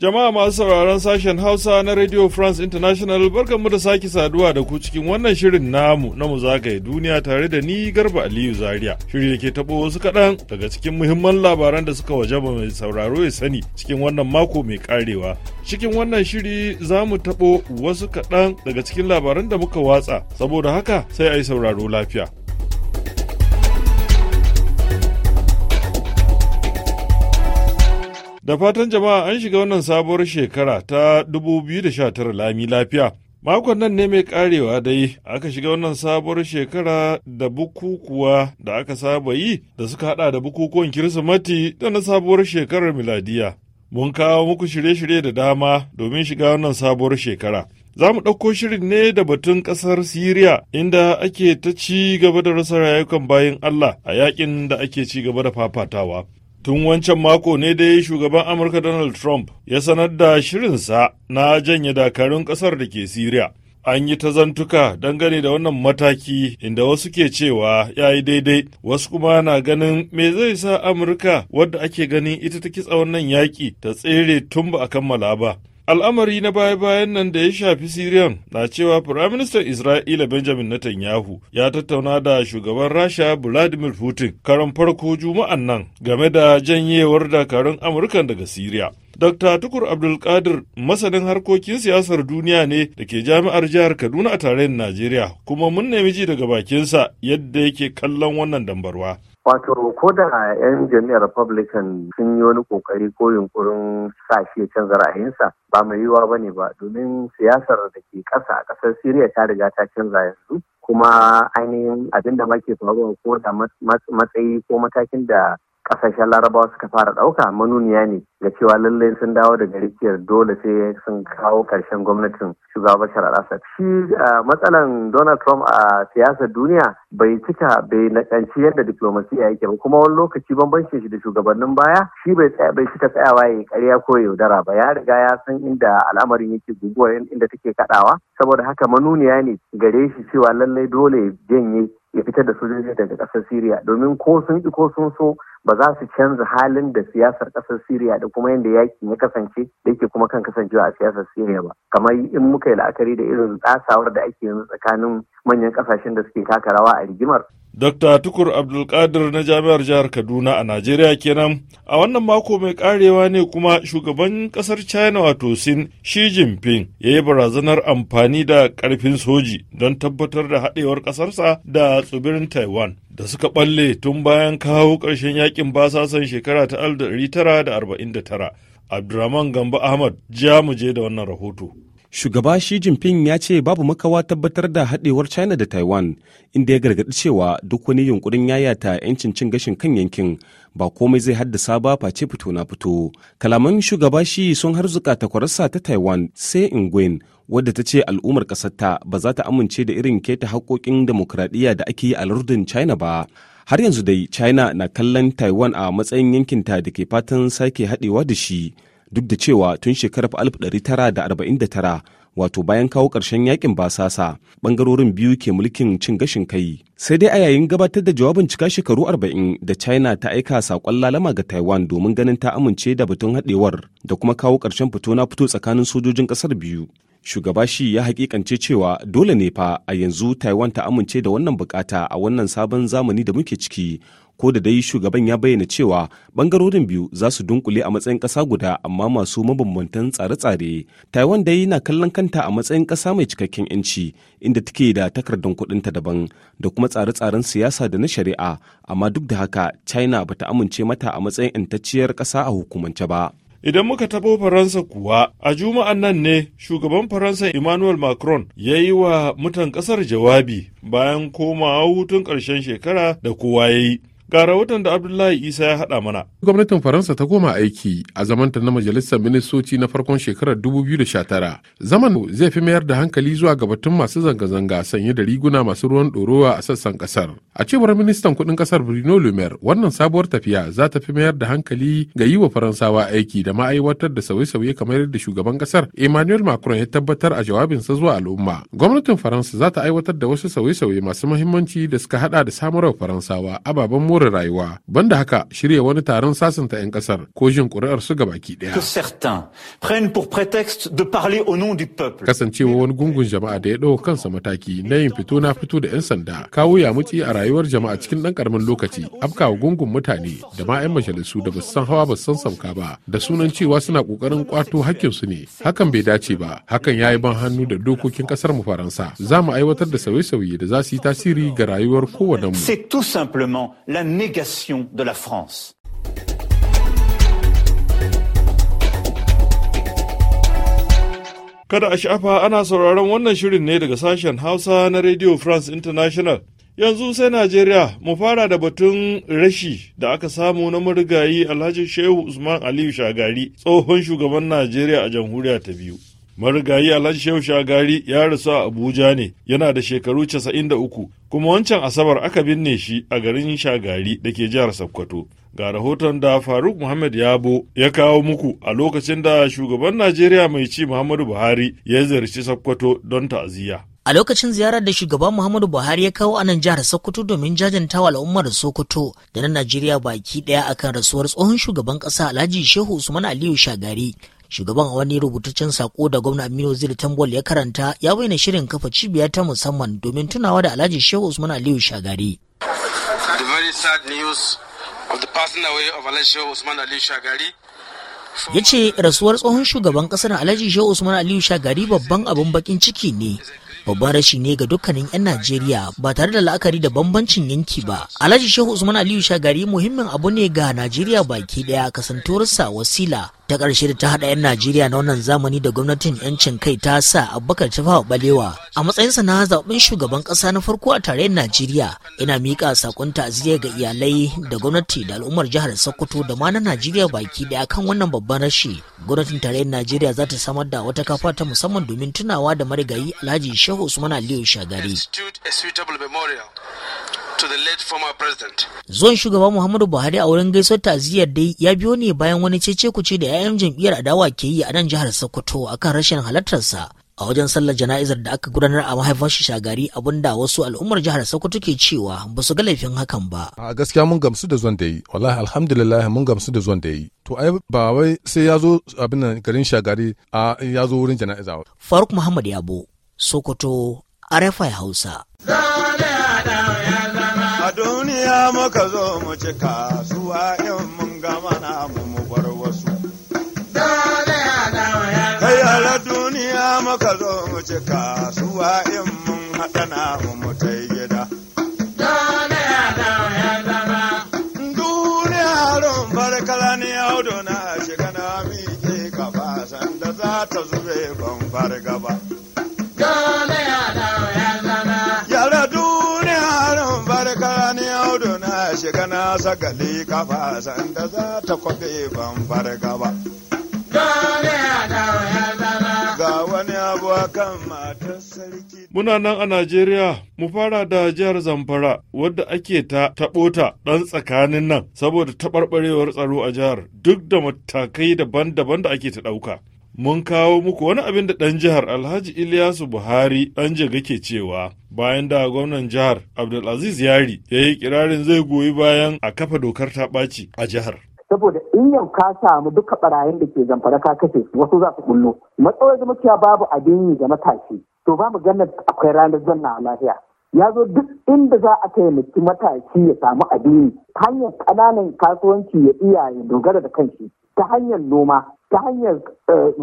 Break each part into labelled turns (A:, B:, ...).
A: Jama'a masu sauraron sashen Hausa na Radio France International barkanmu da sake saduwa da ku cikin wannan shirin namu na mu zagaye duniya tare da ni Garba Aliyu Zaria. Shiri da ke tabo wasu kaɗan daga cikin muhimman labaran da suka wajaba mai sauraro ya sani cikin wannan mako mai karewa. Cikin wannan shiri za mu tabo wasu kaɗan daga cikin labaran da muka watsa saboda haka sai a yi sauraro lafiya. Da fatan jama'a an shiga wannan sabuwar shekara ta 2019 lami lafiya. Makon nan ne mai karewa dai aka shiga wannan sabuwar shekara da bukukuwa da aka saba yi da suka hada da bukukuwan Kirsimati da na sabuwar shekarar miladiya. Mun kawo muku shirye-shirye da dama domin shiga wannan sabuwar shekara. Za mu ɗauko shirin ne da batun ƙasar Siriya inda ake ta ci gaba da rasa rayukan bayan Allah a yakin da ake ci gaba da fafatawa. Tun wancan mako ne dai shugaban Amurka Donald Trump ya sanar da shirinsa na janye dakarun ƙasar da ke Siriya. An yi ta zantuka dangane da wannan mataki inda wasu ke cewa ya yi daidai, wasu kuma na ganin me zai sa Amurka wadda ake ganin ita ta kitsa wannan yaƙi ta tsere tun ba a kammala ba. Al'amari na baya-bayan nan da ya shafi Siriyan na cewa Firaministan Isra'ila Benjamin Netanyahu ya tattauna da shugaban Rasha Vladimir Putin karan farko juma'an nan game da janyewar dakarun Amurkan daga Siriya. Dr. Tukur Abdulkadir masanin harkokin siyasar duniya ne da ke jami'ar jihar Kaduna a tarayyar Najeriya kuma mun nemi ji daga bakinsa yadda yake kallon wannan dambarwa.
B: Wato ko da 'yan jami'ar Republican sun yi wani kokari ko yunkurin sa shi ya canza ra'ayinsa ba mai yiwuwa ba ne ba domin siyasar da ke ƙasa a ƙasar Siriya ta riga ta canza yanzu kuma ainihin abin da ke faruwa ko da matsayi ko matakin da kasashen larabawa suka fara ɗauka manuniya ne ga cewa lallai sun dawo daga rikiyar dole sai sun kawo karshen gwamnatin shugaban bashar al-assad shi matsalan donald trump a siyasar duniya bai cika bai nakanci yadda diplomasiya yake ba kuma wani lokaci bambancin shi da shugabannin baya shi bai bai cika tsayawa ya karya ko yaudara ba ya riga ya san inda al'amarin yake guguwa inda take kaɗawa saboda haka manuniya ne gare shi cewa lallai dole janye ya fitar da sojoji daga kasar Siriya domin ko sun ki ko sun so ba za su canza halin da siyasar kasar Siriya da kuma yadda yakin ya kasance da yake kuma kan kasancewa a siyasar Siriya ba kamar in muka yi la'akari da irin tsasawar da ake yanzu tsakanin manyan ƙasashen da suke taka rawa a rigimar
A: Dr. Tukur Abdulkadir na Jami'ar Jihar Kaduna a Najeriya kenan. A wannan mako mai karewa ne kuma shugaban kasar China wato Sin Xi Jinping ya yi barazanar amfani da karfin soji don tabbatar da haɗewar ƙasarsa da tsibirin Taiwan da suka ɓalle tun bayan kawo ƙarshen yakin basasan shekara ta 1949. Abdurrahman Gambo Ahmad ja mu je da wannan rahoto.
C: Shugaba Xi Jinping ya ce babu makawa tabbatar da haɗewar China da Taiwan, inda ya gargaɗi cewa duk wani yunkurin yayata 'yancin cin gashin kan yankin ba komai zai haddasa ba face fito na fito. Kalaman shugaba Xi sun harzuka takwararsa ta Taiwan sai Nguyen, wadda ta ce al'ummar ƙasarta ba za ta amince da irin keta haƙoƙin demokuraɗiyya da ake yi a lardin China ba. Har yanzu dai China na kallon Taiwan a matsayin yankinta da ke fatan sake haɗewa da shi. duk da cewa tun shekarar 1949 wato bayan kawo ƙarshen yakin basasa ɓangarorin biyu ke mulkin cin gashin kai sai dai a yayin gabatar da jawabin cika shekaru 40 da china ta aika saƙon lalama ga taiwan domin ganin ta amince da batun haɗewar da kuma kawo ƙarshen fito na fito tsakanin sojojin ƙasar biyu shugaba shi ya hakikance cewa dole ne fa a yanzu taiwan ta amince da wannan bukata a wannan sabon zamani da muke ciki ko da dai shugaban ya bayyana cewa bangarorin biyu za su dunkule a matsayin ƙasa guda amma masu mabambantan tsare-tsare taiwan dai na kallon kanta a matsayin ƙasa mai cikakken yanci inda take da takardar kuɗinta daban da kuma tsare-tsaren siyasa da na shari'a amma duk da haka china bata amince mata a matsayin intacciyar ƙasa a hukumance ba Idan muka taɓo Faransa kuwa, a juma'an nan ne shugaban Faransa Emmanuel
A: Macron ya yi wa mutan ƙasar jawabi bayan komawa hutun karshen shekara
D: da kowa ya yi. Ga rahoton da Abdullahi Isa ya haɗa mana. Gwamnatin Faransa ta goma aiki a zamanta na Majalisar Ministoci na farkon shekarar 2019. Zaman zai fi mayar da hankali zuwa ga batun masu zanga-zanga sanye da riguna masu ruwan ɗorowa a sassan ƙasar. A cewar ministan kuɗin ƙasar Bruno lumer wannan sabuwar tafiya za ta fi mayar da hankali ga yi wa Faransawa aiki da ma'aiwatar da sauye-sauye kamar yadda shugaban ƙasar Emmanuel Macron ya tabbatar a jawabinsa zuwa al'umma. Gwamnatin Faransa za ta aiwatar da wasu sauye-sauye masu mahimmanci da suka haɗa da samarwa Faransawa ababen more rayuwa banda haka shirya wani taron sasanta 'yan kasar ko jin ƙuri'ar su baki ɗaya. Kasancewa wani gungun jama'a da ya ɗau kansa mataki na yin fito na fito da 'yan sanda kawo ya mutsi a rayuwar jama'a cikin ɗan ƙaramin lokaci afkawa gungun mutane da ma 'yan majalisu da basu san hawa basu san sauka ba da sunan cewa suna ƙoƙarin ƙwato hakkinsu ne hakan bai dace ba hakan ya yi ban hannu da dokokin ƙasar mu Faransa za mu aiwatar da sauye-sauye da za su yi tasiri ga rayuwar kowanne
E: mu. négation de la France.
A: Kada a sha'afa ana sauraron wannan shirin ne daga sashen Hausa na Radio France International. Yanzu sai Najeriya mu fara da batun rashi da aka samu na marigayi Alhaji Shehu Usman Aliyu Shagari, tsohon shugaban Najeriya a jamhuriya ta biyu. marigayi alhaji shehu shagari ya rasu a abuja ne yana da shekaru casa'in da uku kuma wancan asabar aka binne shi a garin shagari da ke jihar sokoto ga rahoton da faruk muhammad yabo ya kawo muku a lokacin da shugaban najeriya mai ci muhammadu buhari ya ziyarci sokoto don ta'aziyya
F: a lokacin ziyarar da shugaban muhammadu buhari ya kawo a nan jihar sokoto domin jajanta wa al'ummar sokoto da na najeriya baki daya akan rasuwar tsohon shugaban kasa alhaji shehu usman aliyu shagari Shugaban wani rubutaccen sako da gwamna Aminu Ziri Tambol ya karanta ya bayyana shirin kafa cibiya ta musamman domin tunawa da Alhaji Alhaji Shehu Usman Aliyu Shagari ya ce rasuwar tsohon shugaban kasar alhaji shehu usman aliyu shagari babban abin bakin ciki ne babban rashi ne ga dukkanin 'yan najeriya ba tare da la'akari da bambancin yanki ba alhaji shehu usman aliyu shagari muhimmin abu ne ga najeriya baki daya kasantuwarsa wasila ta ƙarshe da ta haɗa 'yan Najeriya na wannan zamani da gwamnatin 'yancin kai ta sa Abubakar Tafawa Balewa a matsayinsa na zaɓen shugaban ƙasa na farko a tarayyar Najeriya ina miƙa saƙon ta'aziyya ga iyalai da gwamnati da al'ummar jihar Sokoto da ma na Najeriya baki ɗaya kan wannan babban rashi. Gwamnatin tarayyar Najeriya za ta samar da wata kafa ta musamman domin tunawa da marigayi Alhaji Shehu Usman Aliyu Shagari.
G: to the late former president.
F: Zuwan shugaba Muhammadu Buhari a wurin gaisuwar ta'aziyar dai ya biyo ne bayan wani cece kuce da 'ya'yan jam'iyyar adawa ke yi a nan jihar Sokoto akan rashin halartarsa a wajen sallar jana'izar da aka gudanar a mahaifar shi shagari abinda wasu al'ummar jihar Sokoto ke cewa ba su ga laifin hakan
D: ba. A gaskiya mun gamsu da zuwan da yi, wallahi alhamdulillah mun gamsu da zuwan da yi. To ai ba wai sai ya zo abin nan garin shagari a ya zo wurin jana'iza. Faruk Muhammad Yabo, Sokoto, Arefai Hausa.
E: ya muka zo mu ci kasuwa in mun gama na mu mu bar wasu. Kayyara duniya muka zo mu ci kasuwa in mun haɗa na mu mu ta gida. Duniya ron barkala ni na shiga na miƙe kafa sanda za ta zube ban gaba. shagali kafa sanda za ta kwabe bambar gaba. Ga wani abu kan matar sarki.
A: Muna nan a Najeriya, mu fara da jihar Zamfara wadda ake ta taɓo ta ɗan tsakanin nan saboda taɓarɓarewar tsaro a jihar duk da matakai daban-daban da ake ta ɗauka. mun kawo muku wani abin da ɗan jihar Alhaji Ilyasu Buhari ɗan jaga ke cewa bayan da gwamnan jihar Abdulaziz Yari ya yi kirarin zai goyi bayan a kafa dokar ta ɓaci a jihar.
H: Saboda in yau ka samu duka barayin da ke zamfara ka kashe wasu za su bullo. Matsalar da babu abin yi ga matashi. To ba mu ganin akwai ranar zanna a lafiya. ya zo duk inda za a taimaki matashi ya samu abin, hanyar ƙananan kasuwanci ya iya ya dogara da kanshi ta hanyar noma ta hanyar eh,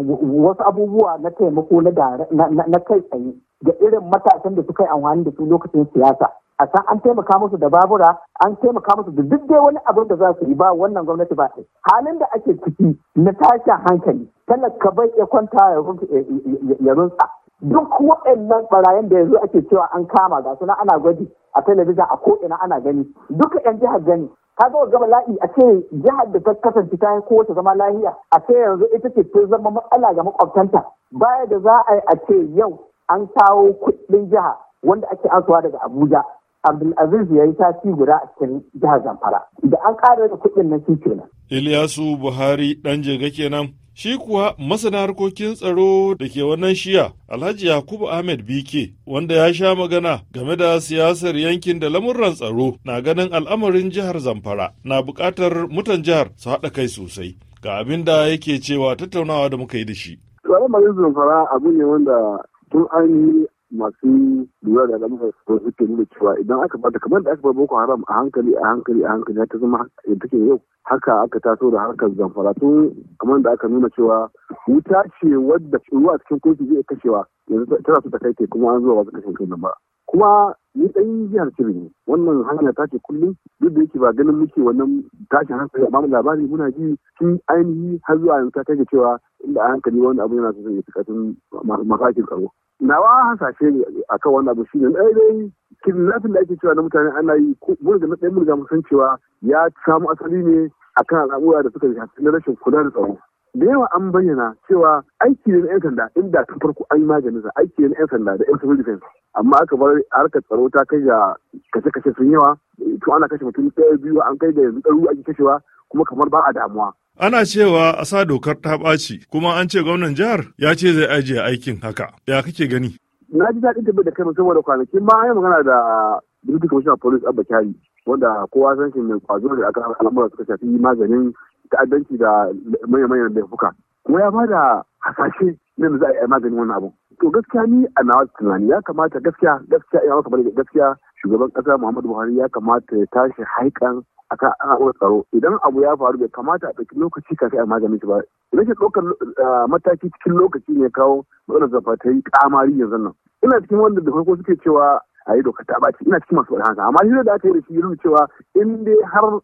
H: wasu abubuwa na taimako na kai tsaye ga irin matasan da suka yi amfani da su lokacin siyasa a san an taimaka musu da babura an taimaka musu da duk dai wani abin da za su yi ba wannan gwamnati ba halin da ake ciki na tashin hankali talaka bai ya kwanta ya runtsa duk waɗannan ɓarayin da yanzu ake cewa an kama ga suna ana gwaji a talabijin a ko'ina ana gani duka 'yan jihar gani ka zo gaba la'i a ce jihar da ta kasance ta kowace zama lahiya a ce yanzu ita ce ta zama matsala ga makwabtanta baya da za a yi a ce yau an kawo kuɗin jiha wanda ake ansuwa daga abuja Abdulaziz ya yi tafi guda a cikin jihar Zamfara. Da an ƙara da kuɗin na shi kenan.
A: Ilyasu Buhari ɗan jega kenan. Shi kuwa masana harkokin tsaro da ke wannan shiya Alhaji Yakubu Ahmed Bike wanda ya sha magana game da siyasar yankin da lamurran tsaro na ganin al'amarin jihar Zamfara na buƙatar mutan jihar su haɗa kai sosai. Ga abin da yake cewa tattaunawa da muka yi da shi.
I: Al'amarin Zamfara abu ne wanda tun an yi masu lura da al'amuran tsaro suke nuna cewa idan aka bata kamar da aka bar boko haram a hankali a hankali a hankali ya ta zama yadda take yau haka aka taso da harkar zamfara tun kamar da aka nuna cewa wuta ce wadda ruwa a cikin kofi zai kashewa yanzu tana so ta kai kuma an zuwa wasu kashe kai ba kuma ni dan jihar Kebbi wannan hanya ta ce kullum duk da yake ba ganin muke wannan tashin hankali amma labari muna ji tun ainihi har zuwa yanzu ta kai cewa inda a hankali wani abu yana so ya fi katin makakin karo. nawa hasashe ne a kan wannan abu ne ɗaya kin kidnapping da ake cewa na mutane ana yi wani da ɗaya mun san cewa ya samu asali ne akan al'amura da suka shafi na rashin kula da tsaro da yawa an bayyana cewa aiki ne na 'yan sanda inda ta farko an yi sa aiki ne na 'yan sanda da 'yan civil defense amma aka bar harkar tsaro ta kai ga kashe-kashe sun yawa to ana kashe mutum ɗaya biyu an kai da yanzu ɗaru ake kashewa kuma kamar ba a damuwa
A: Ana cewa a sa dokar ta ɓaci kuma an ce gwamnan jihar ya ce zai ajiye aikin haka. Ya kake gani?
I: Na ji daɗin da kai saboda kwanakin ma yi magana da Deputy Commissioner Police Abba Kyari wanda kowa san shi mai kwazo da aka al'amura suka shafi maganin ta'addanci da manya-manyan laifuka. Kuma ya bada hasashe na za a yi maganin wannan abu. To gaskiya ni a nawa tunani ya kamata gaskiya gaskiya ya maka gaskiya shugaban ƙasa muhammadu buhari ya kamata ya tashi haikan akan al'amuran tsaro idan abu ya faru bai kamata a ɗauki lokaci kafin a magani ba ba rashin ɗaukar ah, mataki cikin lokaci ne kawo matsalar zafa ta yi ƙamari yanzu nan ina cikin wanda da farko suke cewa a yi doka ta ɓaci ina cikin masu faɗin haka amma shi da aka yi da shi yi cewa in dai har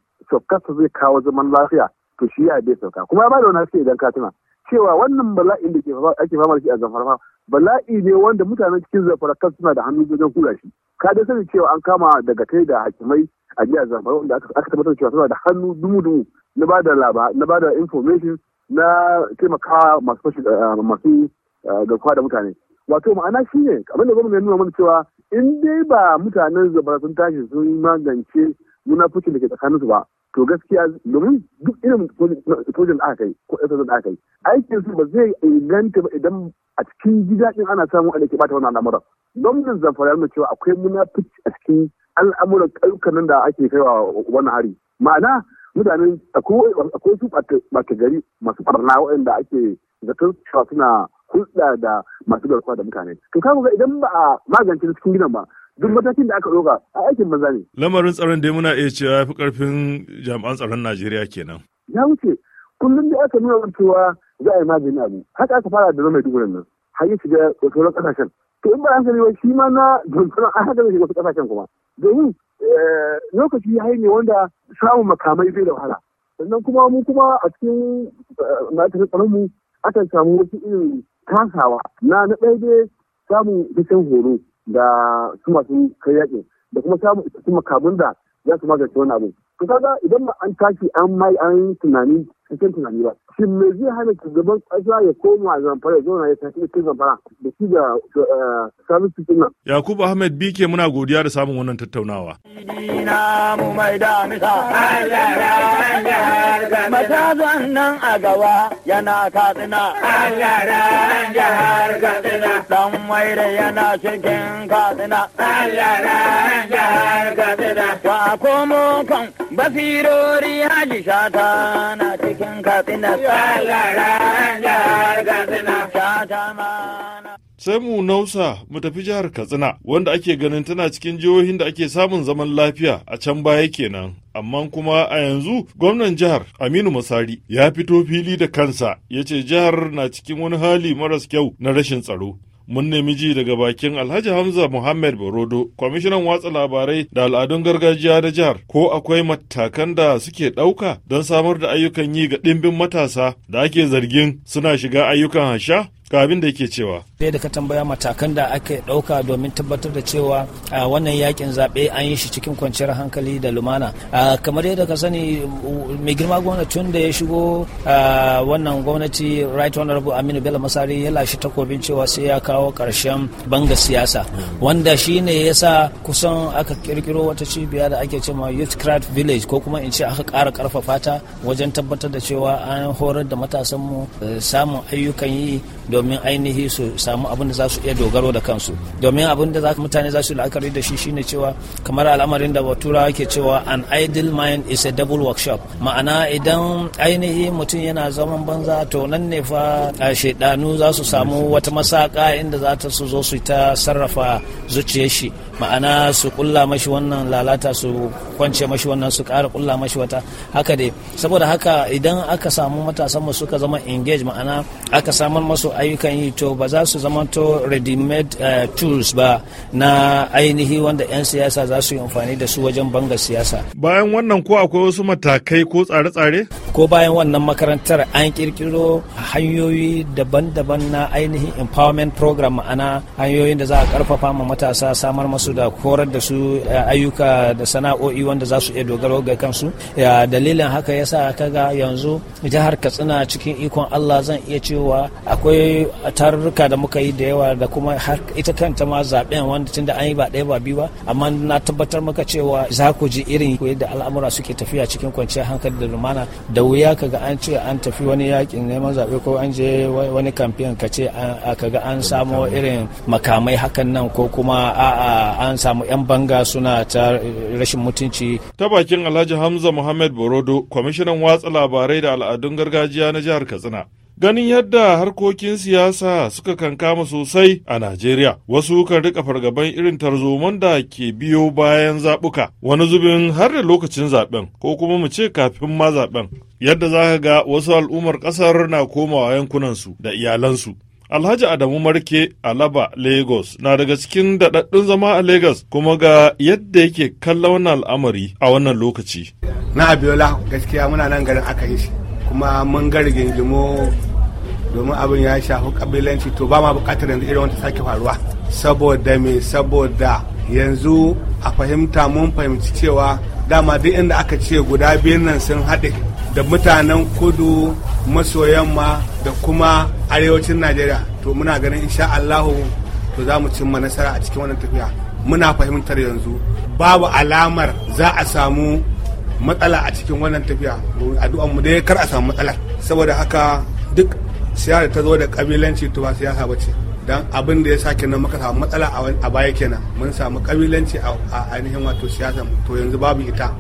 I: ta zai kawo zaman lafiya to shi ya bai sauka kuma ya ba da wani haske idan ka tuna cewa wannan bala'in da ake fama da shi a zafarfa bala'i ne wanda mutanen cikin zafara suna da hannu wajen hura shi ka da sani cewa an kama daga kai da hakimai a jiya zamfara wanda aka tabbatar cewa suna da hannu dumu-dumu na ba da na ba da information na taimakawa masu fashi eh, masu eh, garkuwa da mutane wato ma'ana shi ne abin da gwamnati ya nuna mana cewa in dai ba mutanen zafara sun tashi sun magance munafucin da ke tsakaninsu ba to gaskiya domin duk irin projin da aka yi ko ɗan da aka yi aikin su ba zai inganta ba idan a cikin gida ɗin ana samun ana ke bata wani al'amuran gwamnan zamfara mu cewa akwai munafici a cikin al'amuran ƙauyukan da ake kai wa wannan hari ma'ana mutane akwai su ɓata gari masu ɓarna waɗanda ake zaton cewa suna hulɗa da masu garkuwa da mutane to ga idan ba a magance cikin gidan ba duk matakin da aka ɗauka a aikin maza ne.
A: Lamarin tsaron dai muna iya cewa ya fi ƙarfin jami'an tsaron Najeriya kenan.
I: Ya wuce kullum da aka nuna cewa za a yi magani abu haka aka fara da mai dugunan nan har yi shiga sauran ƙasashen. To in ba an sani shi ma na dundun an haka zai shiga wasu ƙasashen kuma. Domin eh, lokaci ya ne wanda samun makamai zai da wahala. Sannan kuma mu kuma a cikin eh, ma'aikatan tsaron mu akan samu wasu irin kasawa na na ɗaya dai samun dashen horo da su masu kai yaƙin da kuma samun isassun makamun da za su magance wani abu. Kusa idan ma an tashi an mai an tunani cikin tunani ba shi me zai hana shugaban ƙasa ya koma zamfara ya zauna ya tafi cikin zamfara da shi da eh,
A: sabis cikin nan. yakubu ahmed bike muna godiya da samun wannan tattaunawa.
J: matazan nan a gaba yana katsina. dan waire yana cikin katsina. wa komo kan basirori hajji shata na cikin. sarkin
A: sai mu nausa mu tafi jihar katsina wanda ake ganin tana cikin jihohin da ake samun zaman lafiya a can baya kenan amma kuma a yanzu gwamnan jihar aminu masari ya fito fili da kansa ya ce jihar na cikin wani hali maras kyau na rashin tsaro mun nemi ji daga bakin Alhaji Hamza Muhammad Barodo kwamishinan watsa labarai da al'adun gargajiya da jihar, ko akwai matakan da suke ɗauka don samar da ayyukan yi ga ɗimbin matasa da ake zargin suna shiga ayyukan hasha? ga abin da yake cewa
J: sai da ka tambaya matakan da aka ɗauka domin tabbatar da cewa wannan yakin zaɓe an yi shi cikin kwanciyar hankali da lumana kamar yadda ka sani mai girma gwamnatin da ya shigo wannan gwamnati right honorable aminu bello masari ya lashe takobin cewa sai ya kawo karshen banga siyasa wanda shi ne ya sa kusan aka kirkiro wata cibiya da ake cewa youth craft village ko kuma in ce aka kara karfafa ta wajen tabbatar da cewa an horar da matasanmu eh, samun ayyukan yi domin ainihi su samu abin da za su iya dogaro da kansu domin abin da mutane za su la'akari da shi shine cewa kamar al'amarin da turawa ke cewa an idle mind is a double workshop ma'ana idan ainihi mutum yana zaman banza to nan ne fa shaidanu za su samu wata masaka inda za ta su zo su ta sarrafa zuciyar shi ma'ana su kulla mashi wannan lalata su kwance mashi wannan su kara kulla mashi wata haka dai saboda haka idan aka samu matasan mu suka zama engage ma'ana aka samar masu ayyukan yi to ba za su zama to ready-made eh, tools ba na ainihi wanda 'yan siyasa za su yi amfani da su wajen banga siyasa. Bayan wannan ko akwai wasu matakai ko tsare-tsare? Ko bayan wannan makarantar an kirkiro hanyoyi daban-daban na ainihi empowerment program ma'ana hanyoyin da za a karfafa ma matasa samar masu da korar da su eh, ayyuka da sana'o'i wanda za su iya dogaro ga kansu. Dalilin haka yasa kaga yanzu jihar Katsina cikin ikon Allah zan iya cewa akwai akwai tarurruka da muka yi da yawa da kuma ita kanta ma zaben wanda tunda an yi ba ɗaya ba biyu ba amma na tabbatar maka cewa za ku ji irin yadda al'amura suke tafiya cikin kwanciyar hankali da lumana da wuya ka ga an ce an tafi wani yakin neman zaɓe ko an je wani kamfen ka ce kaga an samo irin makamai hakan
A: nan ko kuma a'a an samu 'yan banga suna ta rashin mutunci. Ta bakin Alhaji Hamza Muhammad Borodo, kwamishinan watsa labarai da al'adun gargajiya na jihar Katsina. ganin yadda harkokin siyasa suka kankama sosai a Najeriya. Wasu kan rika fargaban irin tarzoman da ke biyo bayan zaɓuka, wani zubin har da lokacin zaɓen, ko kuma mu ce kafin ma zaɓen. Yadda za ka ga wasu al'ummar ƙasar na komawa yankunansu da iyalansu. Alhaji Adamu Marke a Laba, Lagos na daga cikin daɗaɗɗun zama a Lagos kuma ga yadda yake kallon wannan al'amari a wannan lokaci.
E: Na Abiola gaskiya muna nan garin aka yi shi kuma mun ga rigingimo domin abin ya shafi kabilanci to ba ma bukatar yanzu irin wata sake faruwa saboda me saboda yanzu a fahimta mun fahimci cewa dama duk inda aka ce guda biyun nan sun haɗe da mutanen kudu maso yamma da kuma arewacin najeriya to muna ganin insha allahu to za mu cimma nasara a cikin wannan tafiya muna fahimtar yanzu babu alamar za a samu matsala a cikin wannan tafiya addu'an mu dai kar a samu matsala saboda haka duk siyasa ta zo da kabilanci to ba siyasa ba ce don abin da ya sa kenan muka samu matsala a baya kenan mun samu kabilanci a ainihin wato siyasa to yanzu babu ita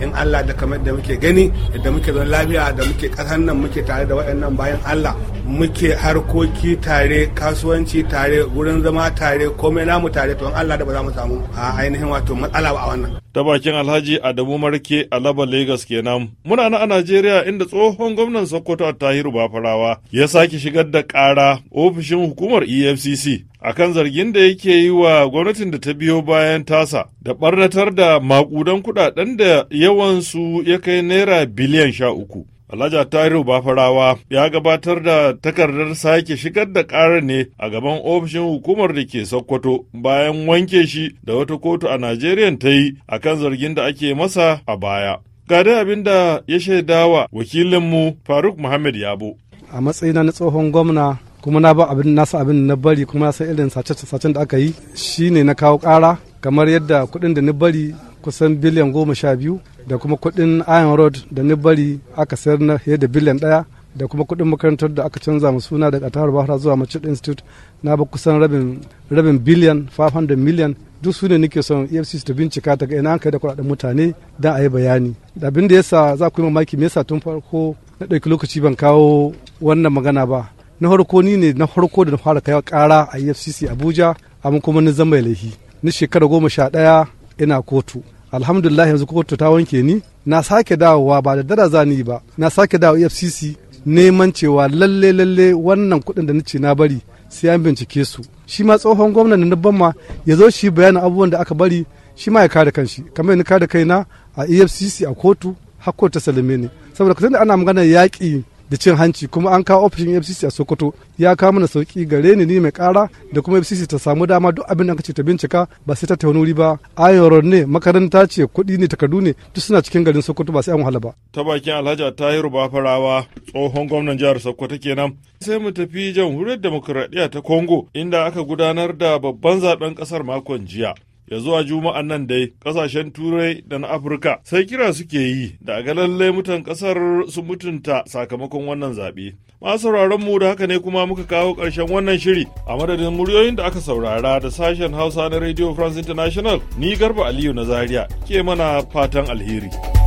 E: in Allah da kamar da muke gani da muke zan lafiya da muke ƙasar nan muke tare da waɗannan bayan Allah muke harkoki tare kasuwanci tare wurin zama tare komai namu tare to in Allah da ba za mu samu a ainihin wato matsala ba a wannan
A: ta bakin Alhaji Adamu Marke a Laba Lagos kenan muna nan a Najeriya inda tsohon gwamnan Sokoto Tahiru Bafarawa ya sake shigar da ƙara ofishin hukumar EFCC akan zargin da yake yi wa gwamnatin da ta biyo bayan tasa da ɓarnatar da makudan kudaden da yawansu ya kai naira biliyan sha uku. Alhaji Tariu Bafarawa ya gabatar da takardar sake shigar da ƙara ne a gaban ofishin hukumar da ke Sokoto bayan wanke shi da wata kotu a Najeriya ta yi akan zargin da ake masa a baya. Ga dai abin da ya shaidawa wakilinmu Faruk Muhammad Yabo.
G: A matsayina na tsohon gwamna kuma na ba abin nasa abin na bari kuma na san irin sace-sacen da aka yi shine na kawo kara kamar yadda kuɗin da na bari kusan biliyan goma sha biyu da kuma kuɗin iron road da na bari aka sayar na fiye da biliyan ɗaya da kuma kuɗin makarantar da aka canza mu suna daga tahar bahra zuwa machid institute na ba kusan rabin rabin biliyan 500 miliyan duk su ne nake son efcc ta bincika ta ga ina an kai da kuɗaɗen mutane don a yi bayani abin da yasa za ku yi mamaki me yasa tun farko na ɗauki lokaci ban kawo wannan magana ba na farko ni ne na farko da na fara kai kara a efcc abuja amma kuma ni zama laifi ni shekara goma sha ɗaya ina kotu alhamdulillah yanzu kotu ta wanke ni na sake dawowa ba da dara za ni ba na sake dawo efcc neman cewa lalle lalle wannan kuɗin da nace na bari sai an bincike su shi ma tsohon gwamnan na ma ya zo shi bayanin abubuwan da aka bari shi ma ya kare kanshi kamar ni kare kaina a efcc a kotu har ta salame ne saboda kusan da ana magana yaƙi da cin hanci kuma an kawo ofishin FCC a Sokoto ya kawo mana sauki gare ni ni mai kara da kuma FCC ta samu dama duk abin da aka ce ta bincika ba sai ta ta wuri ba ayon ne makaranta ce kuɗi ne takardu ne duk suna cikin garin Sokoto ba sai an wahala ba
A: ta bakin Alhaji Tahiru Bafarawa tsohon gwamnan jihar Sokoto kenan sai mu tafi jamhuriyar demokradiyya ta Congo inda aka gudanar da babban zaben kasar makon jiya ya zuwa juma'an nan dai kasashen turai da na afirka sai kira suke yi da ga lallai mutan kasar su mutunta sakamakon wannan zaɓe masu sauraron mu da haka ne kuma muka kawo ƙarshen wannan shiri a madadin muryoyin da aka saurara da sashen hausa na radio france international ni garba aliyu na zaria ke mana fatan alheri.